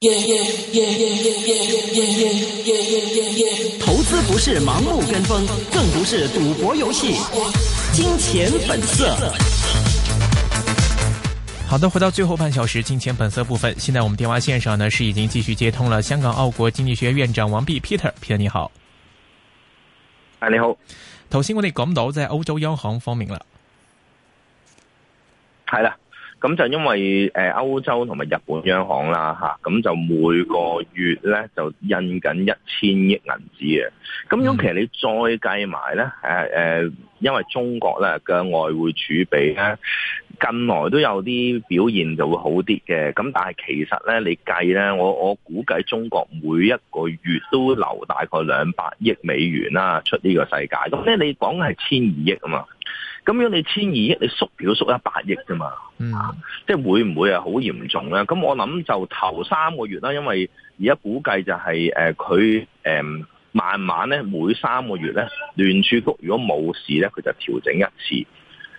耶耶耶耶耶耶耶耶耶耶耶耶！投資不是盲目跟風，更不是賭博遊戲。金錢本色。好的，回到最後半小時金錢本色部分。現在我們電話綫上呢是已經繼續接通了香港澳國經濟學院長王弼。Peter，Peter 你好。哎，你好。頭先我哋講到在歐洲央行方面了，係啦。咁就因為、呃、歐洲同埋日本央行啦咁、啊啊、就每個月咧就印緊一千億銀紙嘅。咁樣其實你再計埋咧因為中國咧嘅外匯儲備咧近來都有啲表現就會好啲嘅。咁、啊、但係其實咧你計咧，我我估計中國每一個月都留大概兩百億美元啦出呢個世界。咁、啊、咧你講係千二億啊嘛？咁樣你千二億，你縮表縮一百億啫嘛，嗯、即係會唔會係好嚴重咧？咁我諗就頭三個月啦，因為而家估計就係、誒、佢、呃、慢慢咧，每三個月咧，聯儲局如果冇事咧，佢就調整一次。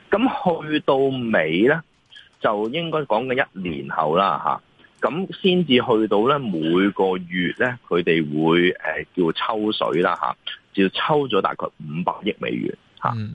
咁去到尾咧，就應該講緊一年後啦吓，咁先至去到咧每個月咧，佢哋會、啊、叫抽水啦吓，就、啊、抽咗大概五百億美元。吓，咁、嗯、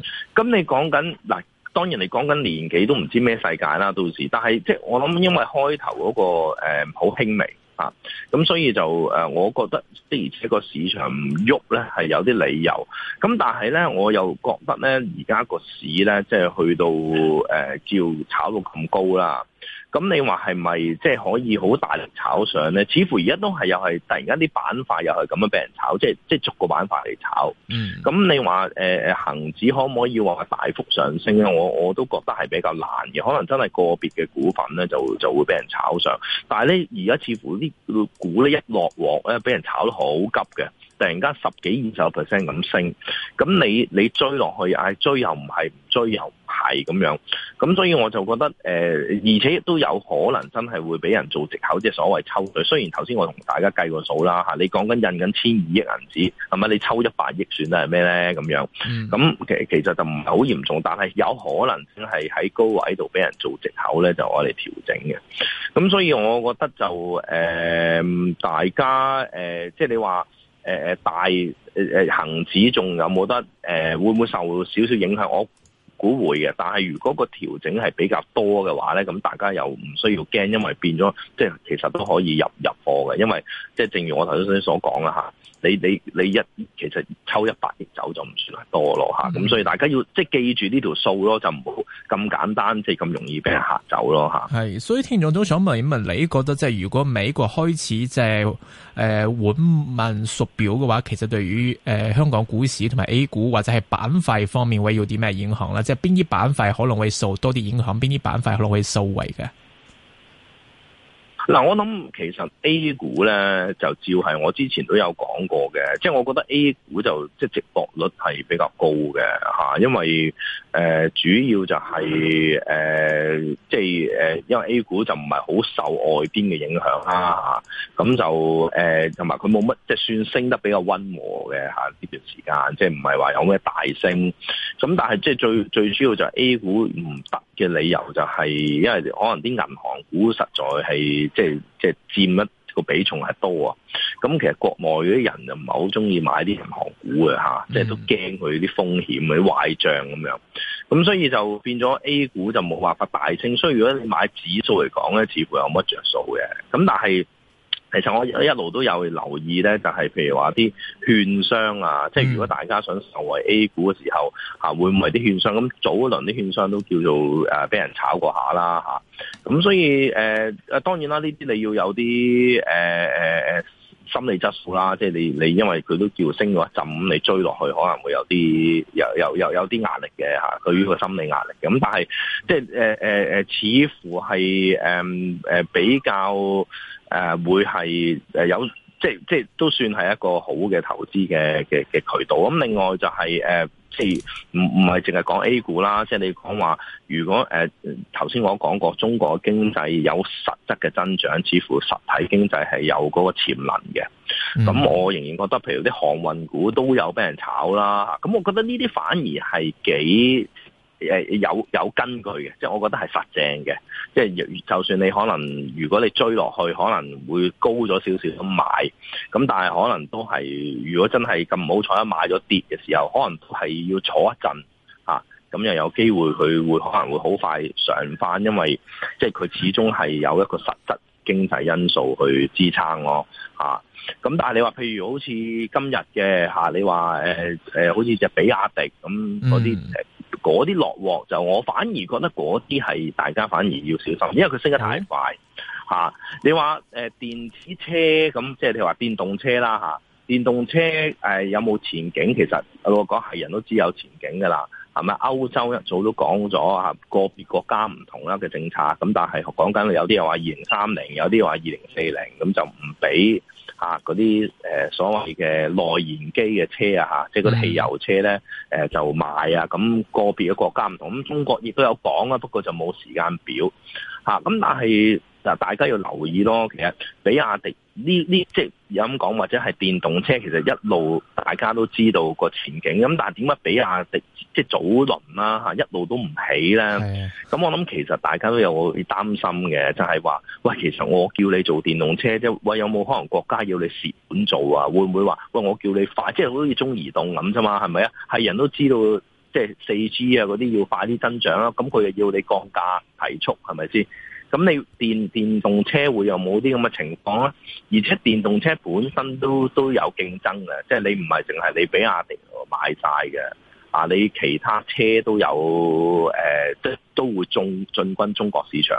你講緊嗱，當然你講緊年紀都唔知咩世界啦，到時，但係即係我諗，因為開頭嗰、那個誒好、呃、輕微啊，咁所以就誒、呃，我覺得即而且個市場唔喐咧，係有啲理由。咁但係咧，我又覺得咧，而家個市咧，即係去到誒、呃、叫炒到咁高啦。咁你話係咪即係可以好大力炒上咧？似乎而家都係又係突然間啲板塊又係咁樣俾人炒，即係即係逐個板塊嚟炒。嗯、咁你話誒誒，恒指可唔可以話係大幅上升咧？我我都覺得係比較難嘅，可能真係個別嘅股份咧就就會俾人炒上。但係咧，而家似乎啲股咧一落鑊咧，俾人炒得好急嘅。突然間十幾二十個 percent 咁升，咁你你追落去，嗌追又唔係，唔追又唔係咁樣，咁所以我就覺得誒、呃，而且都有可能真係會俾人做藉口，即係所謂抽佢。雖然頭先我同大家計過數啦嚇、啊，你講緊印緊千二億銀紙，係咪你抽一百億算咧？係咩咧？咁樣咁其其實就唔係好嚴重，但係有可能先係喺高位度俾人做藉口咧，就我哋調整嘅。咁所以我覺得就誒、呃，大家誒、呃，即係你話。誒誒、呃，大誒誒，恒、呃、指仲有冇得誒、呃？會唔會受少少影響？我。股會嘅，但係如果個調整係比較多嘅話咧，咁大家又唔需要驚，因為變咗即係其實都可以入入貨嘅，因為即係正如我頭先所講啦嚇，你你你一其實抽一百億走就唔算係多咯嚇，咁、嗯、所以大家要即係記住呢條數咯，就唔好咁簡單即係咁容易俾人嚇走咯嚇。係，所以聽眾都想問咁問，因為你覺得即係如果美國開始即係誒緩慢縮表嘅話，其實對於誒、呃、香港股市同埋 A 股或者係板塊方面會有啲咩影響咧？邊啲板塊可能會受多啲影響，邊啲板塊可能會受惠嘅？嗱，我諗其實 A 股咧就照係我之前都有講過嘅，即係我覺得 A 股就即係值博率係比較高嘅嚇，因為誒、呃、主要就係、是、誒、呃、即係誒、呃，因為 A 股就唔係好受外邊嘅影響啊嚇，咁就誒同埋佢冇乜即係算升得比較溫和嘅嚇呢段時間，即係唔係話有咩大升，咁但係即係最最主要就係 A 股唔得。嘅理由就係、是，因為可能啲銀行股實在係即係即係佔一個比重係多啊。咁其實國外嗰啲人就唔係好中意買啲銀行股嘅嚇，即係、嗯、都驚佢啲風險、壞帳咁樣。咁所以就變咗 A 股就冇辦法大升。所以如果你買指數嚟講咧，似乎有乜着數嘅。咁但係。其實我一路都有留意咧，就係、是、譬如話啲券商啊，即係如果大家想受惠 A 股嘅時候，吓、啊、會唔會啲券商咁早一輪啲券商都叫做誒俾、啊、人炒過下啦吓，咁、啊、所以誒誒、呃、當然啦，呢啲你要有啲誒誒誒心理質素啦，即係你你因為佢都叫升咗一陣你追落去，可能會有啲有有啲壓力嘅吓，對於個心理壓力咁、嗯、但係即係誒誒誒，似乎係誒誒比較。誒、呃、會係有、呃、即係即係都算係一個好嘅投資嘅嘅嘅渠道。咁、嗯、另外就係誒即係唔唔係淨係講 A 股啦。即係你講話，如果誒頭先我講過，中國經濟有實質嘅增長，似乎實體經濟係有嗰個潛能嘅。咁、嗯、我仍然覺得，譬如啲航運股都有俾人炒啦。咁我覺得呢啲反而係幾，誒有有根據嘅，即係我覺得係實正嘅，即係就算你可能，如果你追落去，可能會高咗少少咁買，咁但係可能都係，如果真係咁唔好彩，買咗跌嘅時候，可能係要坐一陣吓，咁又有機會佢會可能會好快上翻，因為即係佢始終係有一個實質經濟因素去支撐咯吓。咁但係你話譬如好似今日嘅吓，你話誒誒，好似隻比亞迪咁嗰啲。，嗰啲落鑊就我反而覺得嗰啲係大家反而要小心，因為佢升得太快嚇的、啊。你話誒、呃、電子車咁，即係你話電動車啦嚇、啊。電動車誒、呃、有冇前景？其實我講係人都知有前景㗎啦，係咪？歐洲一早都講咗啊，個別國家唔同啦嘅政策，咁、啊、但係講緊有啲又話二零三零，有啲又話二零四零，咁就唔俾。啊！嗰啲誒所謂嘅內燃機嘅車啊，嚇，即係嗰啲汽油車咧，誒、呃、就買啊！咁、那個別嘅國家唔同，咁中國亦都有講啊，不過就冇時間表嚇。咁、啊、但係嗱，大家要留意咯。其實，比亞迪。呢呢即係咁講，或者係電動車其實一路大家都知道個前景，咁但係點解比亞迪即係早輪啦、啊、一路都唔起咧？咁的、嗯、我諗其實大家都有擔心嘅，就係話喂，其實我叫你做電動車啫，喂有冇可能國家要你蝕本做啊？會唔會話喂我叫你快，即係好似中移動咁啫嘛？係咪啊？係人都知道即係四 G 啊嗰啲要快啲增長啦，咁、嗯、佢又要你降價提速係咪先？咁你電電動車會有冇啲咁嘅情況咧？而且電動車本身都有競、就是、都有競爭嘅，即係你唔係淨係你比亞迪買曬嘅啊，你其他車都有誒，即、呃、都會進軍中國市場。誒、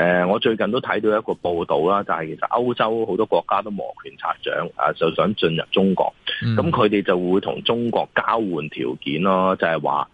呃，我最近都睇到一個報導啦，就係、是、其實歐洲好多國家都摩拳擦掌啊、呃，就想進入中國。咁佢哋就會同中國交換條件咯，就係話，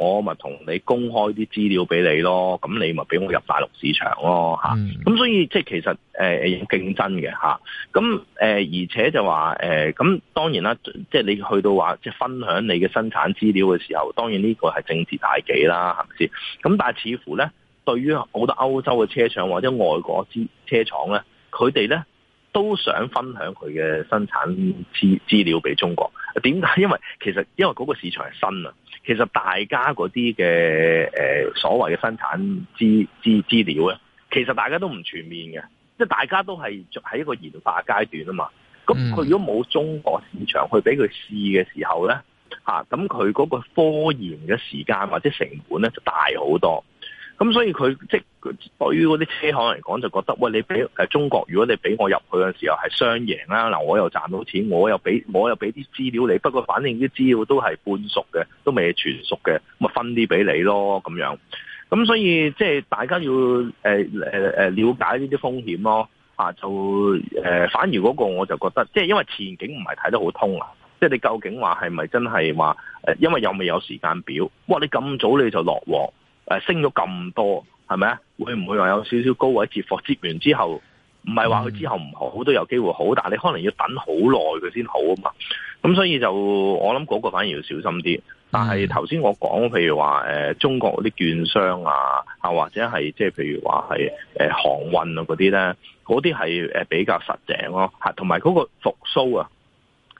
我咪同你公開啲資料俾你咯，咁你咪俾我入大陸市場咯，嚇、嗯。咁所以即係其實誒有、呃、競爭嘅嚇。咁、啊、誒、呃、而且就話誒咁當然啦，即係你去到話即係分享你嘅生產資料嘅時候，當然呢個係政治大忌啦，係咪先？咁但係似乎咧，對於好多歐洲嘅車廠或者外國嘅車廠咧，佢哋咧都想分享佢嘅生產資資料俾中國。點解？因為其實因為嗰個市場係新啊。其實大家嗰啲嘅，誒所謂嘅生產資資資料咧，其實大家都唔全面嘅，即係大家都係喺一個研發階段啊嘛。咁佢如果冇中國市場去俾佢試嘅時候咧，吓，咁佢嗰個科研嘅時間或者成本咧就大好多。咁所以佢即對於嗰啲車行嚟講，就覺得喂，你俾誒中國，如果你俾我入去嘅時候係雙贏啦，嗱我又賺到錢，我又俾我又俾啲資料你，不過反正啲資料都係半熟嘅，都未全熟嘅，咁咪分啲俾你咯，咁樣。咁所以即係、就是、大家要誒誒誒了解呢啲風險咯，啊就誒、呃、反而嗰個我就覺得，即、就、係、是、因為前景唔係睇得好通啊，即、就、係、是、你究竟話係咪真係話誒？因為又未有時間表，哇！你咁早你就落鑊誒、呃，升咗咁多。係咪啊？會唔會話有少少高位接貨？接完之後，唔係話佢之後唔好都有機會好，但係你可能要等好耐佢先好啊嘛。咁所以就我諗嗰個反而要小心啲。但係頭先我講，譬如話誒、呃，中國嗰啲券商啊，啊或者係即係譬如話係誒航運啊嗰啲咧，嗰啲係誒比較實淨咯吓，同埋嗰個復蘇啊。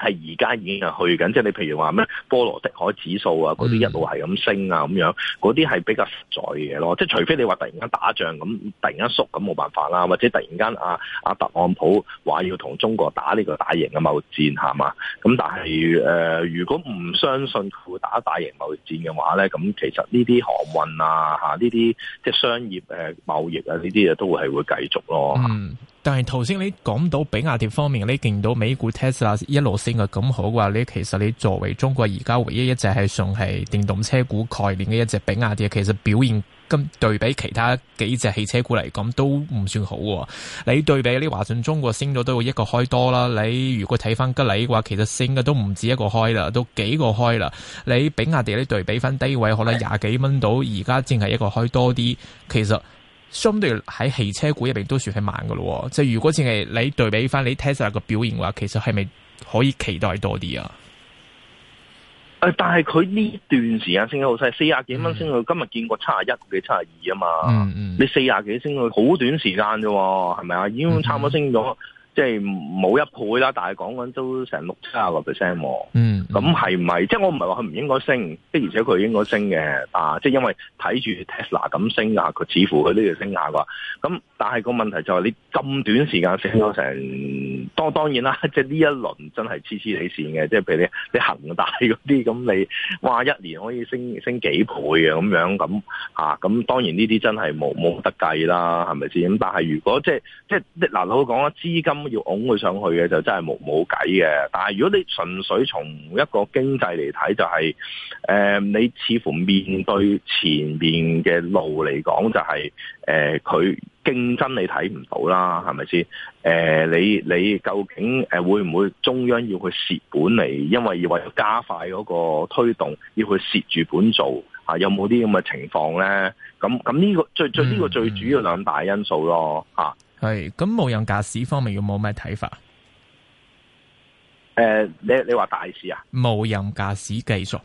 係而家已經係去緊，即係你譬如話咩波羅的海指數啊，嗰啲一路係咁升啊，咁樣嗰啲係比較實在嘅嘢咯。即係除非你話突然間打仗咁，突然間縮，咁冇辦法啦，或者突然間啊啊特朗普話要同中國打呢個大型嘅貿易戰係嘛？咁但係誒、呃，如果唔相信打大型貿易戰嘅話咧，咁其實呢啲航運啊，嚇呢啲即係商業誒貿易啊呢啲嘢都係會，會繼續咯、嗯。但係頭先你講到比亞迪方面，你見到美股 Tesla 一路升。咁好嘅話，你其實你作為中國而家唯一一隻係尚係電動車股概念嘅一隻比亞迪，其實表現跟對比其他幾隻汽車股嚟講都唔算好。你對比你華信中國升咗都要一個開多啦。你如果睇翻吉利嘅話，其實升嘅都唔止一個開啦，都幾個開啦。你比亞迪你對比翻低位可能廿幾蚊到，而家淨係一個開多啲，其實相對喺汽車股入邊都算係慢噶咯。即係如果淨係你對比翻你 Tesla 嘅表現嘅話，其實係咪？可以期待多啲啊！誒，但係佢呢段時間升得好犀利，四十幾蚊升到今日見過七十一嘅七十二啊嘛！嗯嗯，你四十幾升到，好短時間啫，係咪啊？已經差唔多升咗。即係冇一倍啦，但係講緊都成六七十個 percent 喎。嗯、mm，咁係咪？即係我唔係話佢唔應該升，的而且佢應該升嘅。啊，即係因為睇住 Tesla 咁升啊，佢似乎佢都要升下啩。咁但係個問題就係你咁短時間升咗成，當、oh。當然啦。即係呢一輪真係黐黐起線嘅。即係譬如你你恒大嗰啲咁，你，你哇一年可以升升幾倍啊？咁樣咁啊？咁當然呢啲真係冇冇得計啦，係咪先？咁但係如果即係即係嗱、啊，我講啊，資金。咁要拱佢上去嘅就真係冇冇計嘅。但係如果你純粹從一個經濟嚟睇，就係、是、誒、呃，你似乎面對前面嘅路嚟講，就係、是、誒，佢、呃、競爭你睇唔到啦，係咪先？誒、呃，你你究竟誒會唔會中央要去蝕本嚟？因為要為咗加快嗰個推動，要去蝕住本做啊？有冇啲咁嘅情況咧？咁咁呢個最最呢、這個最主要兩大因素咯，吓。係咁，無人駕駛方面有冇咩睇法？誒、呃，你你話大事啊？無人駕駛技術，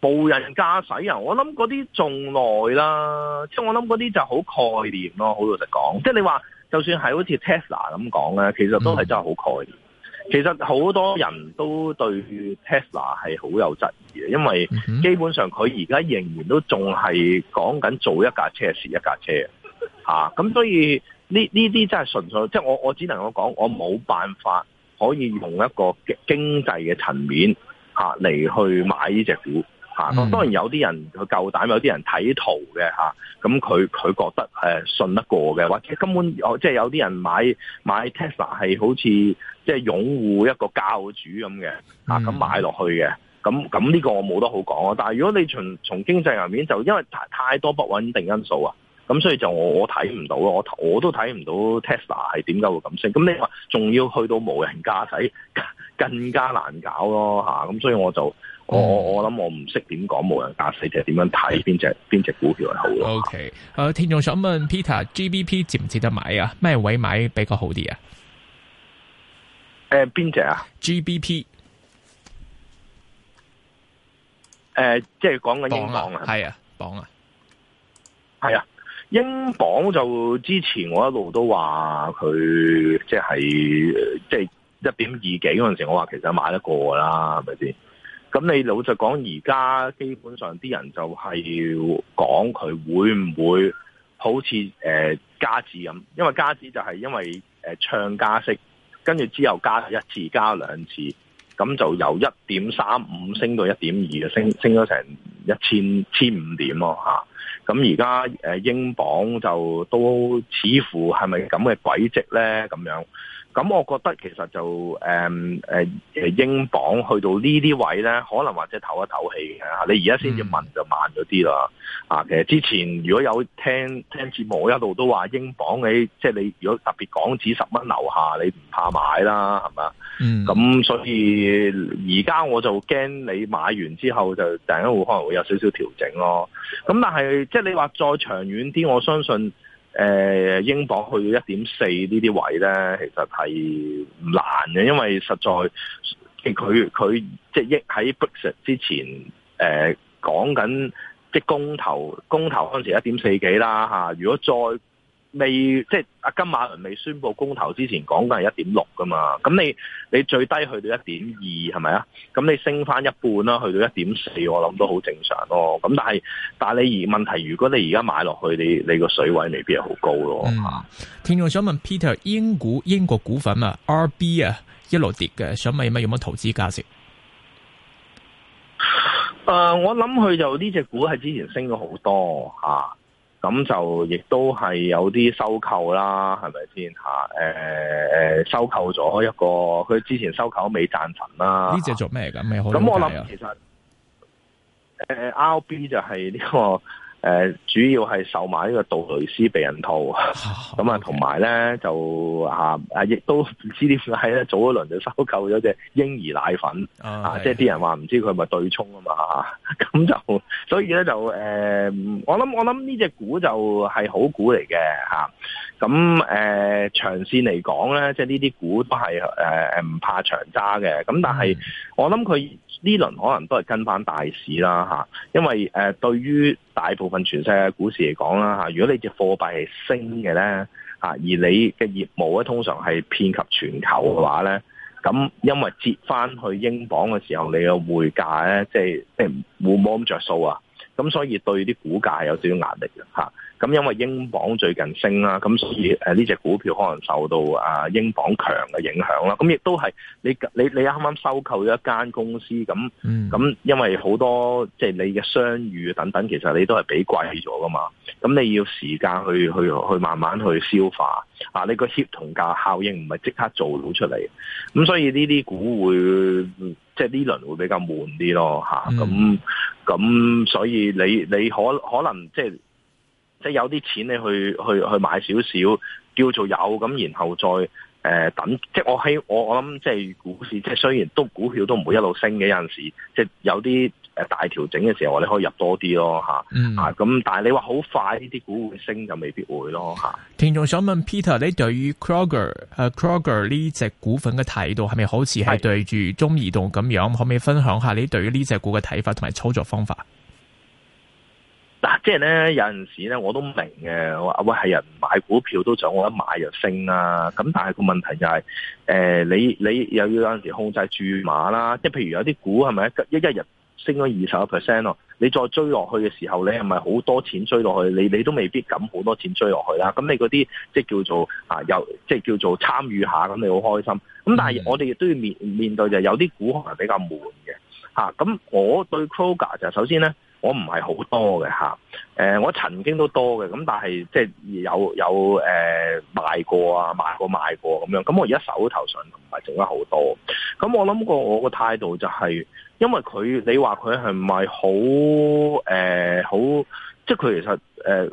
無人駕駛啊！我諗嗰啲仲耐啦，即係我諗嗰啲就好概念咯。好老實講，即係你話就算係好似 Tesla 咁講咧，其實都係真係好概念。嗯、其實好多人都對 Tesla 係好有質疑嘅，因為基本上佢而家仍然都仲係講緊做一架車，試一架車。啊，咁所以呢呢啲真係純粹，即係我我只能夠講，我冇辦法可以用一個經濟嘅層面嚟、啊、去買呢隻股嚇、啊。當然有啲人佢夠膽，有啲人睇圖嘅咁佢佢覺得誒、呃、信得過嘅，或者根本即係、啊就是、有啲人買買 Tesla 係好似即係擁護一個教主咁嘅咁買落去嘅，咁咁呢個我冇得好講啊。但係如果你從從經濟層面，就因為太太多不穩定因素啊。咁、嗯、所以就我我睇唔到我我都睇唔到 Tesla 係點解會咁升。咁你話仲要去到無人駕駛更，更加難搞咯吓。咁、啊嗯、所以我就我我諗我唔識點講無人駕駛，就係、是、點樣睇邊隻邊隻股票係好咯。O K，誒，聽眾想問 Peter G B P 值唔值得買啊？咩位買比較好啲啊？誒、呃，邊隻啊？G B P，誒、呃，即係講緊英鎊啊？係嗎啊，鎊啊，係啊。英鎊就之前我一路都話佢即係即係一點二幾嗰陣時，我話其實買得過啦，係咪先？咁你老實講，而家基本上啲人就係要講佢會唔會好似誒、呃、加紙咁？因為加紙就係因為誒唱加息，跟住之後加一次，加兩次，咁就由一點三五升到一點二，就升升咗成一千千五點咯，吓。咁而家誒，英鎊就都似乎係咪咁嘅軌跡咧？咁樣。咁我覺得其實就誒、嗯、英鎊去到呢啲位咧，可能或者唞一唞氣。你而家先至問就慢咗啲啦，啊、嗯！其實之前如果有聽聽節目，一路都話英鎊喺，即係你如果特別港紙十蚊樓下，你唔怕買啦，係嘛？嗯。咁所以而家我就驚你買完之後就突然間會可能會有少少調整咯。咁但係即係你話再長遠啲，我相信。誒英鎊去到一點四呢啲位咧，其實係唔難嘅，因為實在佢佢即係喺 Brexit 之前誒講緊，即係公投公投嗰陣時一點四幾啦吓，如果再。未即係阿金馬倫未宣布公投之前講緊係一點六噶嘛，咁你你最低去到一點二係咪啊？咁你升返一半啦，去到一點四，我諗都好正常咯。咁但係但係你而問題，如果你而家買落去，你你個水位未必係好高咯吓，嗯。聽眾想問 Peter 英股、英國股份嘛，R B 啊，一路跌嘅，想問乜有乜投資價值？誒、呃，我諗佢就呢隻、這個、股係之前升咗好多吓。啊咁就亦都係有啲收購啦，係咪先嚇？誒誒，收購咗一個，佢之前收購美贊臣啦。呢隻做咩㗎？咁、啊、我諗其實、呃、R B 就係呢個。誒、呃，主要係售賣呢個杜蕾斯避孕套，咁、oh, okay. 啊，同埋咧就啊啊，亦都唔知點解咧早一輪就收購咗隻嬰兒奶粉，oh, yes. 啊，即係啲人話唔知佢係咪對沖啊嘛，咁 就、嗯、 所以咧就誒、呃，我諗我諗呢隻股就係好股嚟嘅吓，咁、啊、誒、呃、長線嚟講咧，即係呢啲股都係誒誒唔怕長揸嘅，咁但係、mm. 我諗佢。呢輪可能都係跟翻大市啦嚇，因為誒對於大部分全世界的股市嚟講啦嚇，如果你隻貨幣係升嘅咧嚇，而你嘅業務咧通常係遍及全球嘅話咧，咁因為折翻去英鎊嘅時候，你嘅匯價咧即係即係冇冇咁著數啊，就是咁所以對啲股價有少少壓力嘅嚇，咁因為英鎊最近升啦，咁所以誒呢隻股票可能受到啊英鎊強嘅影響啦，咁亦都係你你你啱啱收購咗一間公司，咁咁因為好多即係、就是、你嘅商譽等等，其實你都係俾貴咗噶嘛，咁你要時間去去去慢慢去消化啊，你個協同價效應唔係即刻做到出嚟，咁所以呢啲股會。即係呢輪會比較悶啲咯，嚇咁咁，所以你你可可能即係即係有啲錢你去去去買少少叫做有咁，然後再誒、呃、等。即係我喺我我諗，即係股市，即係雖然都股票都唔會一路升嘅，有陣時即係有啲。大調整嘅時候，你可以入多啲咯嚇，啊咁、嗯，但係你話好快呢啲股會升就未必會咯嚇。聽眾想問 Peter，你對於 Kroger 啊 Kroger 呢隻股份嘅態度係咪好似係對住中移動咁樣？的可唔可以分享下你對於呢隻股嘅睇法同埋操作方法？嗱，即係咧有陣時咧我都明嘅，我話喂，係人買股票都想我一買就升啦，啊。咁但係個問題就係，是，誒、呃、你你又要有陣時控制注碼啦。即係譬如有啲股係咪一一日？升咗二十個 percent 咯，你再追落去嘅時候，你係咪好多錢追落去？你你都未必咁好多錢追落去啦。咁你嗰啲即係叫做啊，有即係叫做參與下，咁你好開心。咁但係我哋亦都要面面對就有啲股可能比較悶嘅，嚇。咁我對 Kroger 就首先咧。我唔係好多嘅吓、呃，我曾經都多嘅，咁但係即係有有誒賣過啊，賣過賣過咁樣，咁我而家手頭上唔係剩得好多，咁我諗過我個態度就係、是，因為佢你話佢係唔係好誒好，即係佢其實誒、呃、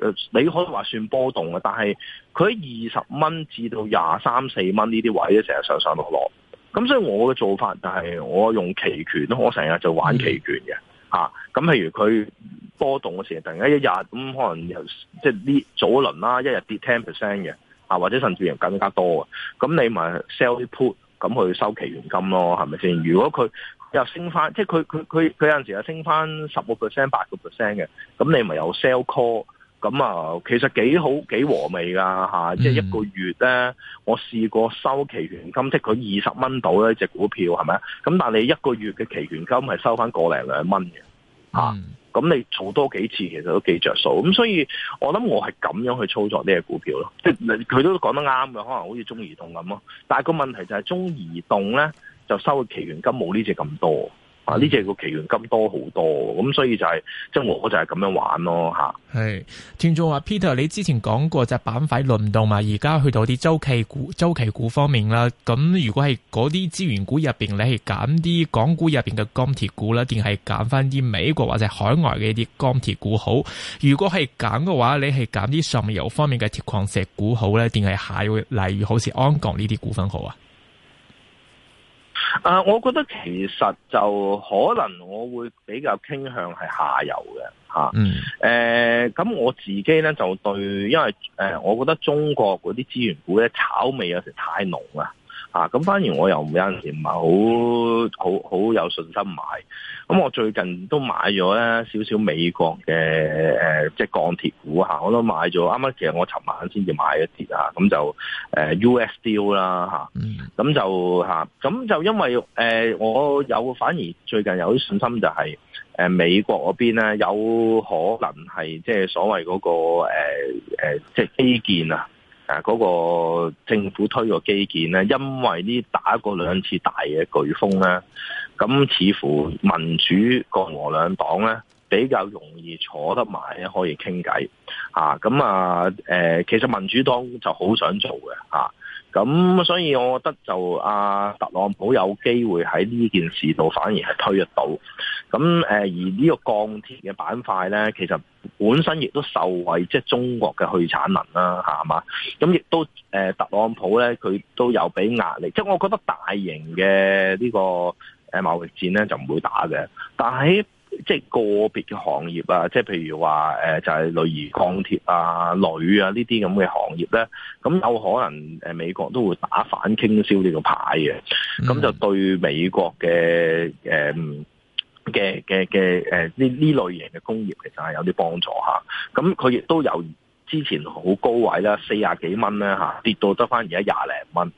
你可以話算波動嘅，但係佢喺二十蚊至到廿三四蚊呢啲位咧，成日上上落落，咁所以我嘅做法就係、是、我用期權咯，我成日就玩期權嘅。嗯。啊，咁譬如佢波動嘅時候，突然間一日咁，可能由即係跌早一輪啦，一日跌 ten percent 嘅，啊或者甚至乎更加多嘅，咁你咪 sell put 咁去收期現金咯，係咪先？如果佢又升翻，即係佢佢佢佢有陣時又升翻十個 percent 八個 percent 嘅，咁你咪有 sell call。咁啊，嗯嗯、其實幾好幾和味噶吓，即係一個月咧，我試過收期權金，即係佢二十蚊到咧隻股票係咪啊？咁但係你一個月嘅期權金係收翻個零兩蚊嘅吓，咁、嗯嗯、你做多幾次其實都幾着數。咁所以我諗我係咁樣去操作呢隻股票咯，即係佢都講得啱嘅，可能好似中移動咁咯。但係個問題就係中移動咧就收嘅期權金冇呢隻咁多。啊！呢隻個期元金多好多，咁所以就係、是、即係我就係咁樣玩咯嚇。係，聽眾話 Peter，你之前講過就板塊輪動嘛，而家去到啲周期股、周期股方面啦。咁如果係嗰啲資源股入面，你係揀啲港股入面嘅鋼鐵股啦，定係揀翻啲美國或者海外嘅一啲鋼鐵股好？如果係揀嘅話，你係揀啲上游方面嘅鐵礦石股好咧，定係下游例如好似安鋼呢啲股份好啊？啊，我覺得其實就可能我會比較傾向係下游嘅吓。嗯，誒、呃，咁我自己咧就對，因為誒，我覺得中國嗰啲資源股咧炒味有時太濃啦。啊，咁反而我又唔有陣時唔係好好好有信心買，咁我最近都買咗咧少少美國嘅誒，即係鋼鐵股嚇，我都買咗。啱啱其實我尋晚先至買一啲啊，咁就誒 USD 啦嚇，咁就嚇，咁就因為誒我有反而最近有啲信心就係誒美國嗰邊咧有可能係即係所謂嗰個誒誒即係基建啊。啊！嗰，那個政府推個基建咧，因為呢打過兩次大嘅颶風咧，咁似乎民主共和兩黨咧比較容易坐得埋咧，可以傾偈吓咁啊，啊、呃，其實民主黨就好想做嘅吓咁，啊、所以我覺得就啊特朗普有機會喺呢件事度反而係推得到。咁誒，而呢個鋼鐵嘅板塊咧，其實本身亦都受惠，即係中國嘅去產能啦、啊，係嘛。咁亦都誒、呃，特朗普咧佢都有俾壓力。即係我覺得大型嘅呢個貿易戰咧就唔會打嘅，但係即係個別嘅行業啊，即係譬如話誒、呃，就係類如鋼，鋼鐵啊、鋁啊呢啲咁嘅行業咧，咁有可能美國都會打反傾銷呢個牌嘅。咁就對美國嘅誒。呃嘅嘅嘅呢呢類型嘅工業其實係有啲幫助嚇，咁佢亦都有之前好高位啦，四廿幾蚊呢，嚇、啊，跌到得翻而家廿零蚊，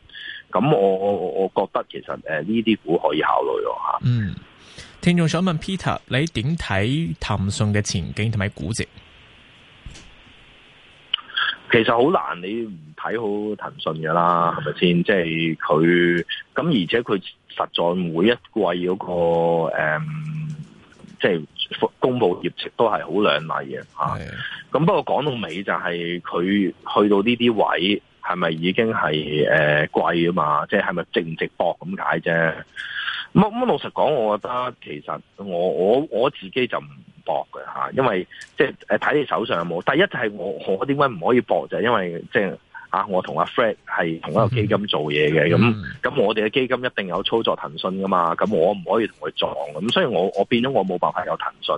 咁、啊、我我我覺得其實呢啲、啊、股可以考慮咯、啊、嗯，聽眾想問 Peter，你點睇騰訊嘅前景同埋估值？其實好難，你唔睇好騰訊噶啦，係咪先？即係佢咁，而且佢實在每一季嗰、那個、嗯即係公布業績都係好亮麗嘅吓，咁的、啊、不過講到尾就係、是、佢去到呢啲位，係咪已經係誒貴啊嘛？即係係咪值唔值博咁解啫？咁咁老實講，我覺得其實我我我自己就唔博嘅吓、啊，因為即係誒睇你手上有冇。第一就係我我點解唔可以博就係因為即、就、係、是。啊！我同阿 Fred 係同一個基金做嘢嘅，咁咁、嗯、我哋嘅基金一定有操作騰訊㗎嘛，咁我唔可以同佢撞，咁所以我我變咗我冇辦法有騰訊。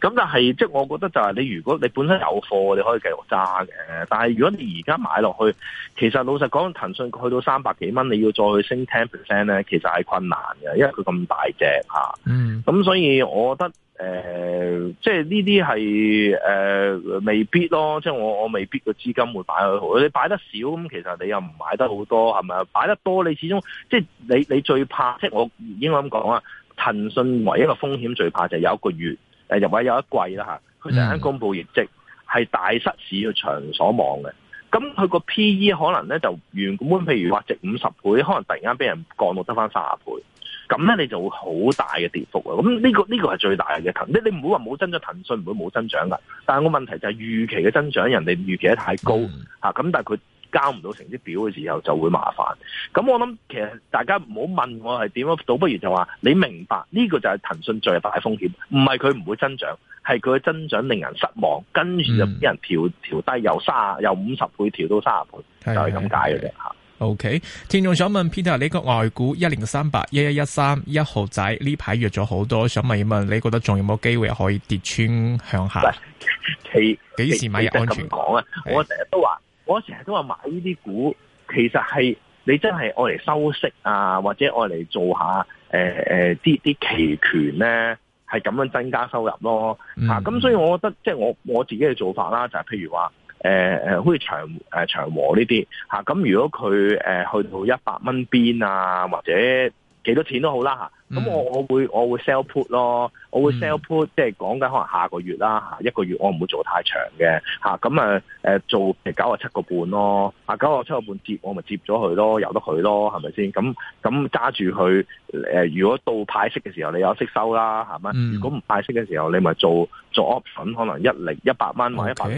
咁但係即係我覺得就係你如果你本身有貨，你可以繼續揸嘅。但係如果你而家買落去，其實老實講，騰訊去到三百幾蚊，你要再去升 ten percent 咧，其實係困難嘅，因為佢咁大隻嚇。咁、嗯、所以我覺得。誒、呃，即係呢啲係誒未必咯，即係我我未必個資金會擺佢好，你擺得少咁，其實你又唔買得好多，係咪？擺得多你始終即係你你最怕，即係我應該咁講啊。騰訊唯一個風險最怕就係有一個月誒、呃，或者有一季啦吓，佢突然間公布業績係大失市場所望嘅。咁佢個 P E 可能咧就原本譬如話值五十倍，可能突然間俾人降到得返三十倍。咁咧你就會好大嘅跌幅啊！咁呢、這個呢、這個係最大嘅騰，你你唔好話冇增咗騰訊唔會冇增長噶。但係我問題就係、是、預期嘅增長，人哋預期太高嚇，咁、嗯啊、但係佢交唔到成績表嘅時候就會麻煩。咁我諗其實大家唔好問我係點樣，倒不如就話你明白呢、這個就係騰訊最大風險，唔係佢唔會增長，係佢嘅增長令人失望，跟住就俾人調，調低，由卅由五十倍調到三十倍，嗯、就係咁解嘅啫嚇。嗯 O K，聽眾想問 Peter，你個外股一零三八、一一一三、一號仔呢排弱咗好多，想問一問，你覺得仲有冇機會可以跌穿向下？其幾時買入？安全啊！我成日都話，我成日都話買呢啲股，其實係你真係愛嚟收息啊，或者愛嚟做下誒誒啲啲期權咧，係咁樣增加收入咯。吓、嗯，咁、啊、所以我覺得，即係我我自己嘅做法啦，就係、是、譬如話。誒誒，好似、呃、長誒、呃、長和呢啲吓。咁、啊、如果佢誒、呃、去到一百蚊邊啊，或者？幾多錢都好啦嚇，咁我我會、嗯、我會 sell put 咯，我會 sell put 即係講緊可能下個月啦嚇，一個月我唔會做太長嘅嚇，咁啊誒做 97. 5, 九個七個半咯，啊九個七個半接我咪接咗佢咯，由得佢咯，係咪先？咁咁揸住佢誒，如果到派息嘅時候你有息收啦，係咪？嗯、如果唔派息嘅時候你咪做做 option，可能一零一百蚊或一百，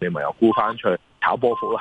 你咪又沽翻出去炒波幅啦。